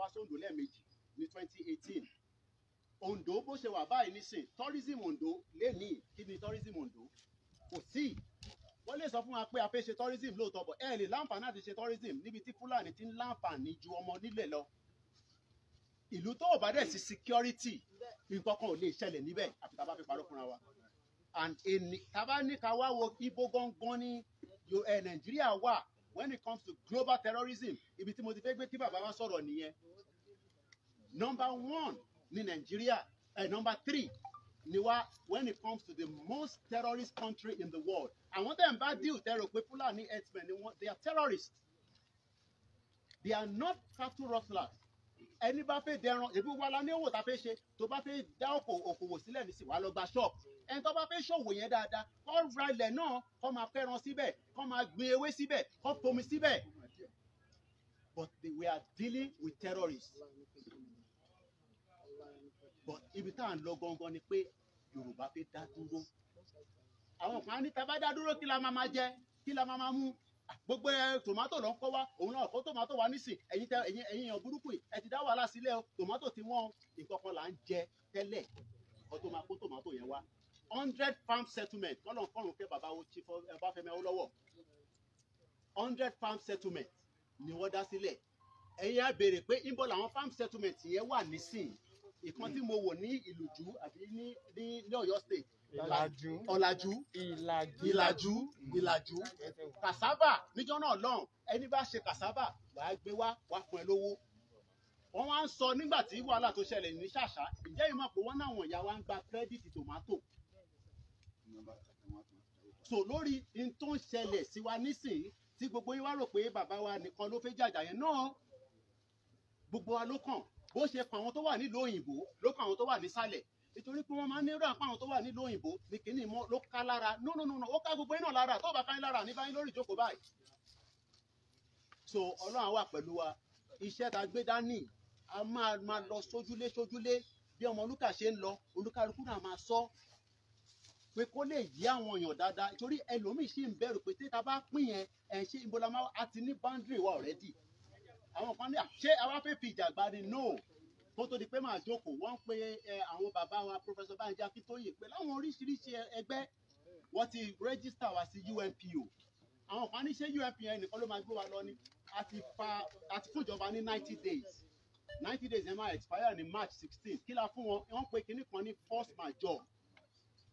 wá sóńdó lẹ́ẹ̀mejì ní twenty eighteen Ondo bó ṣe wà báyìí nísìn tourism Ondo lè ní kí ni tourism Ondo kò sí wọ́n lè sọ fún wa pé a fẹ́ ṣe tourism lóòótọ́ bọ̀ ẹ lè láǹfààní àti ṣe tourism níbi tí Fúlàní ti ń láǹfààní ju ọmọ nílẹ̀ lọ ìlú tó ò bá dẹ̀ sí security nǹkan ò lè ṣẹlẹ̀ níbẹ̀ àfi tá fi parọ́ fúnra wa and ènì tá a bá ní ká wá wo ibo gangan ni Nàìjíríà wà when it comes to global terrorism ibi tí mo ti fẹ́ gbé kí bàbá wa sọ̀rọ̀ nìyẹn number one ní Nigeria, eh, number three ni wa when it comes to the most terrorist country in the world àwọn tẹ̀ ń bá deal tẹ̀ rò pé fúlàní herdsmen ni wọ́n they are terrorists they are not cattle rustlers ẹni bá fẹ́ dẹran èbí wa la ní òwò tá fẹ́ ṣe tó bá fẹ́ dá òkòwò sílẹ̀ ní sìwá lọ gba ṣọ́ọ̀bù ẹni tó bá fẹ́ ṣòwò yẹn dáadáa kó ra ilẹ̀ náà kó máa fẹ́ràn síbẹ̀ kó máa gbin ewé síbẹ̀ kó fomi síbẹ̀ but they are dealing with terrorists but ibi tá à ń lọ gangan ni pé Yorùbá fẹ́ dá dúró àwọn kan á ní tá bá dá dúró kí la máa máa jẹ kí la máa máa mú gbogbo ẹ tòmátò ló ń kó wá òun náà kó tòmátò wá nísìn ẹ̀yin èèyàn burúkú ẹ ti d sílẹ̀ o tòmátò tí wọ́n nǹkan kan là ń jẹ tẹ́lẹ̀ kan tó máa kó tòmátò yẹn wá hundred farm settlement kọ́nà kọ́run kẹ́ bàbá wo chief Ọbáfẹ́mi Awólọ́wọ̀ hundred farm settlement ni wọ́n dá sílẹ̀ ẹ̀yin á béèrè pé níbo làwọn farm settlement yẹn wà nísìn ìkan tí mo wò ní ìlújú àbí ní ní ní Ọ̀yọ́ state ìlàjú ọ̀làjú ìlàjú ìlàjú mm. cassava níjọ́ náà lọ́hùn ẹni bá ṣe cassava wàá gbé wá wàá fún ẹ lówó wọ́n wá ń sọ nígbà tí wàhálà tó ṣẹlẹ̀ ní ṣàṣà ǹjẹ́ ìmọ̀ pé wọ́n náwọn ìyá wa ń gba kírẹ́dìtì tòmátò so lórí n tó ń ṣẹlẹ̀ sí wa nísìnyí tí gbogbo yín wá rò pé bàbá wa nìkan ló fẹ́ jàjà yẹn náà gbogbo wa ló kàn bó ṣe kan àwọn tó wà nílùú òyìnbó ló kàn àwọn tó wà nísàlẹ̀ nítorí pé wọ́n máa ń ní ràn pa àwọn tó wà nílùú òyìnbó ní kínní mọ́ ló ká lára no no no no ó ká gbogbo yín náà lára tó bá ká yín lára ní báyìí lórí ìjókòó báyìí so ọlọ́run wà pẹ̀lú wa iṣẹ́ ta gbé dání a máa máa lọ sójúlé sójúlé bí ọmọ olúkà ṣe ń lọ olúkálukú náà máa sọ pé kó lè yí àwọn èèyàn dáadáa torí ẹlòmíì sì ń bẹ̀rù pé tí ta bá pín yẹn ẹ̀ ṣe ìbọlámá a ti ní boundary wa already àwọn kan ní ṣé a wá fẹ́ fi ìjà gbani no kó tó di pé màá jókòó wọ́n pe àwọn bàbá wa Professor Banji Akintoye pé láwọn oríṣiríṣi ẹgbẹ́ wọ́n ti rẹ́gísítà wa sí UNPO àwọn kan ní ṣé UNPO nìkan ló máa gbé wa lọ ni a ti fún ìjọba ní ninety days ninety days yẹn máa expire ní march sixteen kí la fún wọn wọ́n pe kinní kan ní force majeure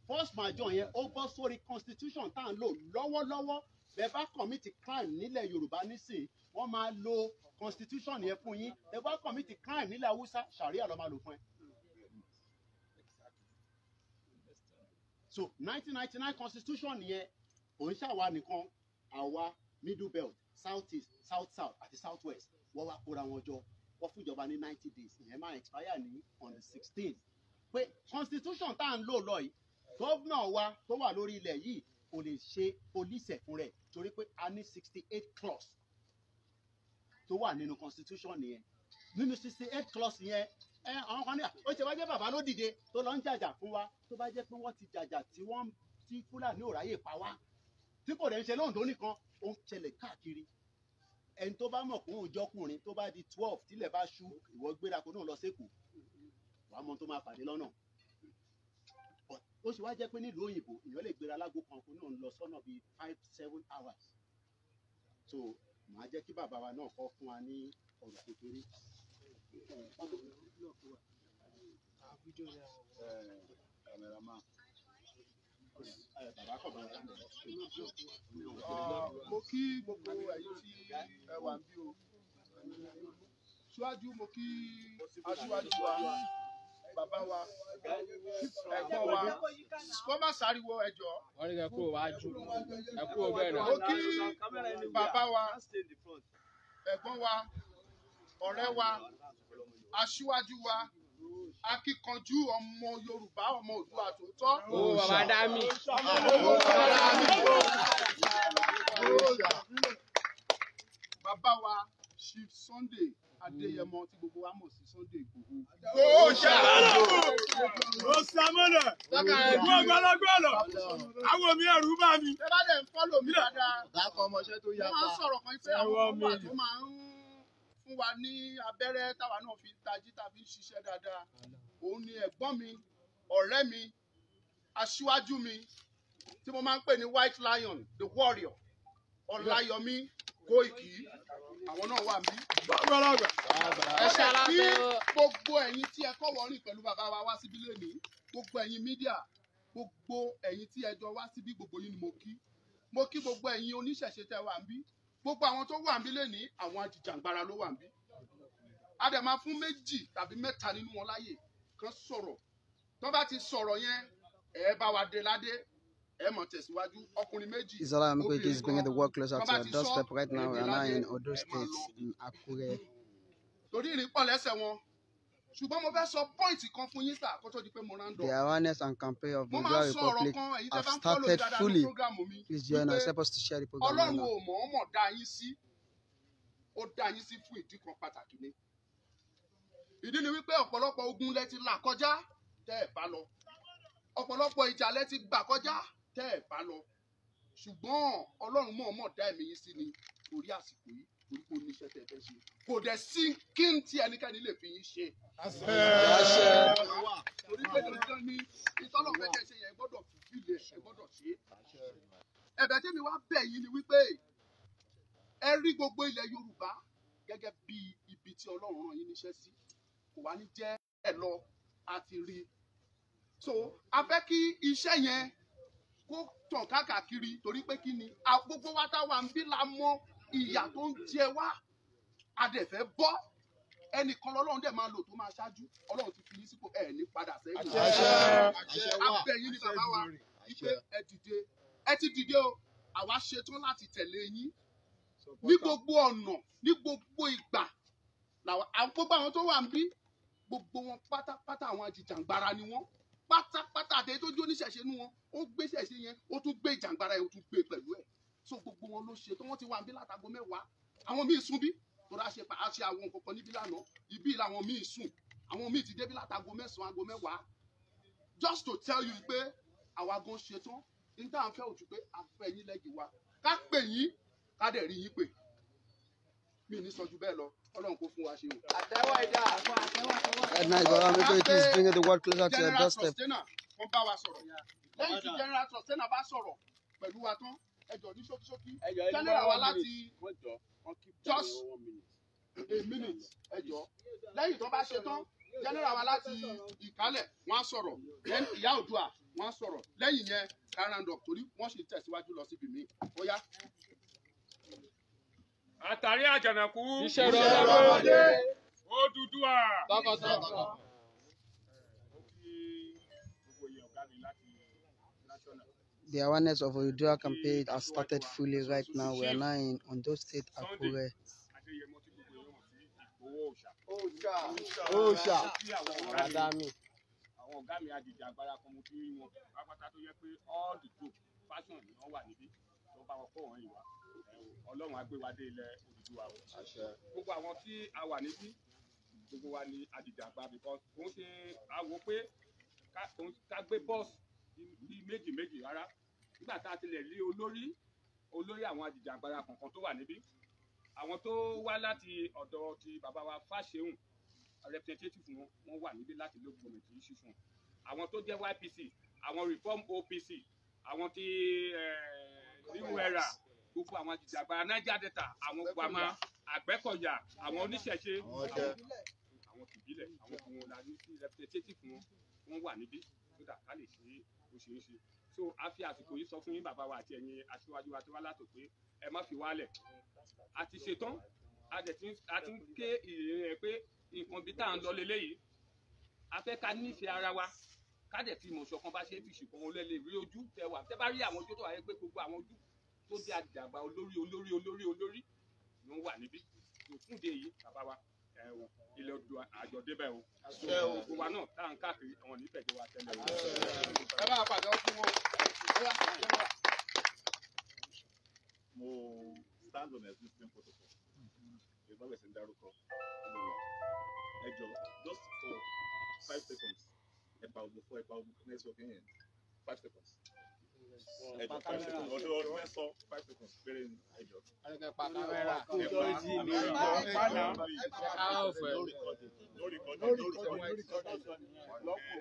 force majeure yẹn ó bọ́ sórí constitution tá à ń lò lọ́wọ́lọ́wọ́ bẹ́ẹ̀ bá kọ̀mìtì crime nílẹ̀ yorùbá nísìn wọ́n máa lo constitution yẹn fún yín bẹ́ẹ̀ bá kọ̀mìtì crime nílẹ̀ haúsá sharia ló máa lò fún ẹ. so nineteen ninety nine constitution yẹn kò ń ṣàwa nìkan àwa middle belt south east south south àti south west wọ́n wá kóra wọn jọ wọ́n fúnjọba ní ninety days ìyẹn máa expire ní on the sixteen pé constitution tá à ń lò lọ yìí gómìnà wa tó wà lórí ilẹ̀ yìí kò lè ṣe police fún rẹ̀ torí pé a ní sixty eight clause tó wà nínú constitution nìyẹn nínú sixty eight clause yẹn ẹ àwọn kan ní ó ṣe wá jẹ́ bàbá ló dìde tó lọ ń jàjà fún wa tó bá jẹ́ pé wọ́n ti jàjà tí wọ́n ti fúlàní ò ráyè pa wá tí kò dẹ̀ ń ṣe lóńdó nìkan ó ń ṣẹlẹ̀ káàkiri ẹni tó bá mọ̀ pé òun jọkùnrin tó bá di twelve tílẹ̀ bá ṣú ìwọ gbéra kó náà lọ sékòó wàá mọ tó máa pàdé lọ́nà ó sì wá jẹ́ pé nílùú òyìnbó èèyàn lè gbéra lágbo kan kó náà lọ sọ́nà bíi five seven hours so màá jẹ́ kí bàbá wa náà kọ́ fún wa ní ọ̀rọ̀ kékeré. Kameraman mo kí gbogbo ẹ̀yin tí ẹ wà ń bí o síwájú mo kí aṣíwájú wa bàbá wa ẹ̀gbọ́n wa kó má sáriwo ẹjọ́. wọ́n ní ẹ̀kú wájú ẹ̀kú bẹ̀rẹ̀. mo kí bàbá wa ẹ̀gbọ́n wa ọ̀rẹ́ wa aṣíwájú wa akíkanjú ọmọ Yorùbá ọmọ Oòduà àtòótọ́. o bàbá dami. bàbá wa Chief Sunday Adéyẹmọ tí gbogbo wa mọ̀ sí Sunday Ìgbòho. ó ṣàlọ́ ó ṣàmọ́lẹ̀ ìwọ gbọ́lọ́gbọ́lọ́ àwọn omi ẹ̀rù bá mi. ẹ bá dẹ̀ ń fọ́lọ̀ mi dáadáa. dákọ̀ ọmọọṣẹ́ tó yá pa. wọ́n máa ń sọ̀rọ̀ kan pé àwọn ọmọ àti máa ń fún wa ní abẹ́rẹ́ táwa náà fi tají tá ṣiṣẹ́ dáadáa òun ni ẹ̀gbọ́n mi ọ̀rẹ́ mi aṣíwájú mi tí mo máa ń pè ní white lion the warrior ọláyọmí kóìkì àwọn náà wà mí. ẹ ṣe kí gbogbo ẹ̀yin tí ẹ kọ́ wọ́ọ̀rìn pẹ̀lú bàbá wa wá síbí lónìí gbogbo ẹ̀yin mídíà gbogbo ẹ̀yin tí ẹ jọ wá síbí gbogbo yín ni mo kí mo kí gbogbo ẹ̀yin oníṣẹ̀ṣe tẹ́ wà ń bí gbogbo àwọn tó wà ń bí lénìí àwọn ajìjàngbara ló wà ń bí a dẹ̀ máa fún méjì tàbí mẹ́ta nínú wọn láàyè kan sọ̀rọ̀ tó bá ti sọ̀rọ̀ yẹn ẹ bá wa dé ládé ẹ mọ̀ tẹ̀síwájú ọkùnrin méjì. Isala Amikoyi is bringing the work closer to our doorstep right now we are now in Ondo State in Akure. torí ìrìnpọ̀ lẹ́sẹ̀ wọn ṣùgbọ́n mo fẹ́ sọ pọ́ìntì kan fún yín sà kó di pé mo rán dọ̀. the awareness and campaign of Nigeria Republic have started fully please join us help us to share the program ọlọ́run ò mọ̀ ọ́ mọ̀ dá yín sí ó dá yín sí fún ìdí kan pàtàkì ni ìdí ni wípé ọ̀pọ̀lọpọ̀ ogun lẹ ti là kọjá tẹ́ ẹ̀ bá lọ ọ̀pọ̀lọpọ̀ ìjà lẹ ti gbà kọjá tẹ́ ẹ̀ bá lọ ṣùgbọ́n ọlọ́run mọ̀ ọ́ mọ̀ dá ẹ̀mí yín sí ni lórí àsìkò yìí torí níṣẹ́ tẹ́ fẹ́ ṣe kò dẹ̀ sí kí n ti ẹnikẹ́ni lè fi yín ṣe. torí pé dandan ni ìtọ́lọ̀ fẹ́kẹ́ ṣe yẹn gbọ́dọ̀ fìlẹ̀ ẹ gbọ́dọ̀ ṣe. ẹ̀bẹ̀ tèmi wá bẹ̀ yín ni wípé ẹ rí gbogbo ilẹ̀ Yorùbá gẹ́gẹ́ bí ibi tí Ọlọ́run yín níṣẹ́ sí kò wá ní jẹ́ ẹ̀ lọ àti rí i. so a fẹ́ kí iṣẹ́ yẹn kó tàn káàkiri torí pé kí ni gbogbo wa tá wà ń bí la mọ̀ ìyà tó ń jẹ wá adẹ̀fẹ́ bọ́ ẹnìkan lọ́lọ́run dẹ̀ máa lò tó máa ṣáájú ọlọ́run ti fi yín sípò ẹ̀ padà sẹ́yìn. abẹ́yìn ni bàbá wa ipe ẹ dìde ẹ ti dìde o àwa ṣetán láti tẹ̀lé yín ní gbogbo ọ̀nà ní gbogbo ìgbà gbogbo àwọn tó wà ń bí gbogbo wọn pátápátá àwọn ajìjàǹgbara ni wọn pátápátá àtẹ̀yẹ́ tó jó níṣẹ̀ṣe nú wọn ó gbé ṣẹ̀ṣe yẹn ó tún gbé ìjàǹgbara yẹn ó tún gbé e pẹ̀lú ẹ̀ so gbogbo wọn ló ṣe tó wọ́n ti wà níbí látago mẹ́wàá àwọn míì sùn bí tọ́ra ṣe pa àṣẹ àwọn kọ̀ọ̀kan níbí lánàá ibí làwọn míì sùn àwọn míì ti débí látago mẹ́sàn-án ago mẹ́wàá just to tell you pé àwa gan ṣe tán ní tá à ń fẹ́ òtún pé a fẹ́ yín lẹ́yìn wa ká pè yín ká dẹ̀ rí yín pè mi ní sọ ju bẹ́ẹ̀ lọ ọlọ́run kó fún wa ṣe o. àtẹ́wọ́ ẹ̀dá àwọn àtẹ́wọ́ àtẹ́wọ́. ẹ̀ ìbára mi pé it is bringing the world closer to your doorstep. general sustainer lẹ́yìn tí general sustainer bá sọ̀rọ̀ pẹ̀lú wa tán ẹjọ ní ṣókíṣókí general wa láti just a minute ẹjọ lẹ́yìn tó bá ṣe tán general wa láti ìkálẹ̀ wọ́n á sọ̀rọ̀ then ìyá òdua wọ́n á sọ̀rọ̀ lẹ́yìn yẹn karandok torí wọ́n sì tẹ̀síwájú lọ síbi míì ó yá. àtàrí àjànàkú. iṣẹ́ rẹ̀ ọmọdé. Odùduwà. bàbá sọ̀rọ̀. The awareness of Odua campaign has started fully right now. We are now in Ondo State, Akure. Oṣà Adami. Àwọn ọ̀gá mi àjèjì agbára kan mo fi rí wọn pápátá tó yẹ pé all the group fashion ni wọ́n wà níbí tó bá wọn kó wọn yìí wá. Ọlọ́run á gbé wa dé ilẹ̀ Odùduwà o. Gbogbo àwọn tí a wà níbí gbogbo wa ni àjèjì àgbà because kò ń nígbà tá a tilẹ̀ rí olórí olórí àwọn ajìjàgbara kọ̀ọ̀kan tó wà níbí àwọn tó wá láti ọ̀dọ̀ ti bàbá wa Fáṣẹ̀hùn representative wọn wọn wà níbí láti ló gbọmọtì yìí ṣùṣùn àwọn tó jẹ́ YPC àwọn reform OPC àwọn ti new eh, era gbogbo àwọn ajìjàgbara Niger Delta àwọn Gwama Àgbẹ̀kọ̀yà àwọn oníṣẹ̀ṣe àwọn tìbílẹ̀ àwọn kan wọn la ní representative wọn wọn wà níbí tó ká lè ṣe bó ṣe ń ṣe so a fi àsìkò yìí sọ fún yín bàbá wa àti ẹ̀yin aṣíwájú wa tó wá látò pé ẹ má fi wálẹ̀ a ti ṣetán a dẹ̀ ti a ti ń ké ìrìn rẹ̀ pé nǹkan bí tá à ń lọ leléyìí a fẹ́ ká nífẹ̀ẹ́ ara wa ká dẹ̀ fi mọ̀ọ́sọ̀ kan bá ṣe fi ṣùgbọ́n olè lè rí ojú tẹ wà tẹ́ bá rí àwọn ojú tó wà yẹ pé gbogbo àwọn ojú tó di àdàgbà olórí olórí olórí olórí ló ń wà níbí òtúndé yìí bàbá wa ẹ̀wọ̀n ilẹ̀ odò àjọ débẹ̀ o gbogbo wa náà tá à ń káàkiri àwọn onífẹ̀jẹ̀ wa tẹ́lẹ̀ ẹ bá pàdé ọkùn o. mo stand on existing protocol yorùbá bẹ̀sẹ̀ ń darúkọ ẹ jọ just for five seconds ẹ pa ogun fún ẹ pa ogun fún ẹ sọ fún yẹn five seconds ẹjọ five seconds ọdún ọdún mẹsàn five seconds péré ni ẹjọ. ẹjọ pa kámẹ́rà ẹjọ ìjì mi ẹjọ náà ẹjọ káwọ́ fẹ́. lórí kọ́dé lórí kọ́dé lórí kọ́dé.